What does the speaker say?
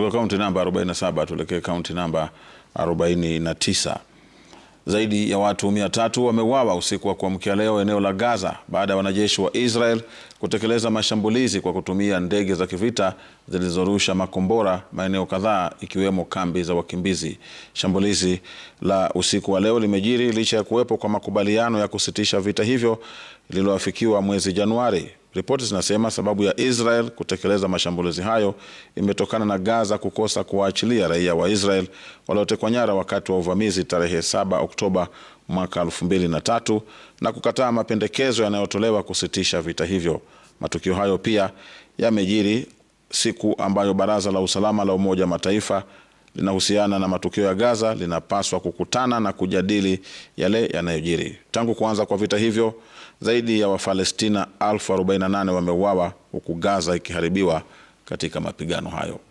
Kutoka kaunti namba 47 tuelekee kaunti namba 49. Zaidi ya watu 300 wameuawa usiku wa kuamkia leo eneo la Gaza baada ya wanajeshi wa Israel kutekeleza mashambulizi kwa kutumia ndege za kivita zilizorusha makombora maeneo kadhaa ikiwemo kambi za wakimbizi. Shambulizi la usiku wa leo limejiri licha ya kuwepo kwa makubaliano ya kusitisha vita hivyo lililoafikiwa mwezi Januari. Ripoti zinasema sababu ya Israel kutekeleza mashambulizi hayo imetokana na Gaza kukosa kuwaachilia raia wa Israel waliotekwa nyara wakati wa uvamizi tarehe 7 Oktoba mwaka 2003 na kukataa mapendekezo yanayotolewa kusitisha vita hivyo. Matukio hayo pia yamejiri siku ambayo Baraza la Usalama la Umoja Mataifa linahusiana na matukio ya Gaza linapaswa kukutana na kujadili yale yanayojiri. Tangu kuanza kwa vita hivyo, zaidi ya Wafalestina 48 wameuawa huku Gaza ikiharibiwa katika mapigano hayo.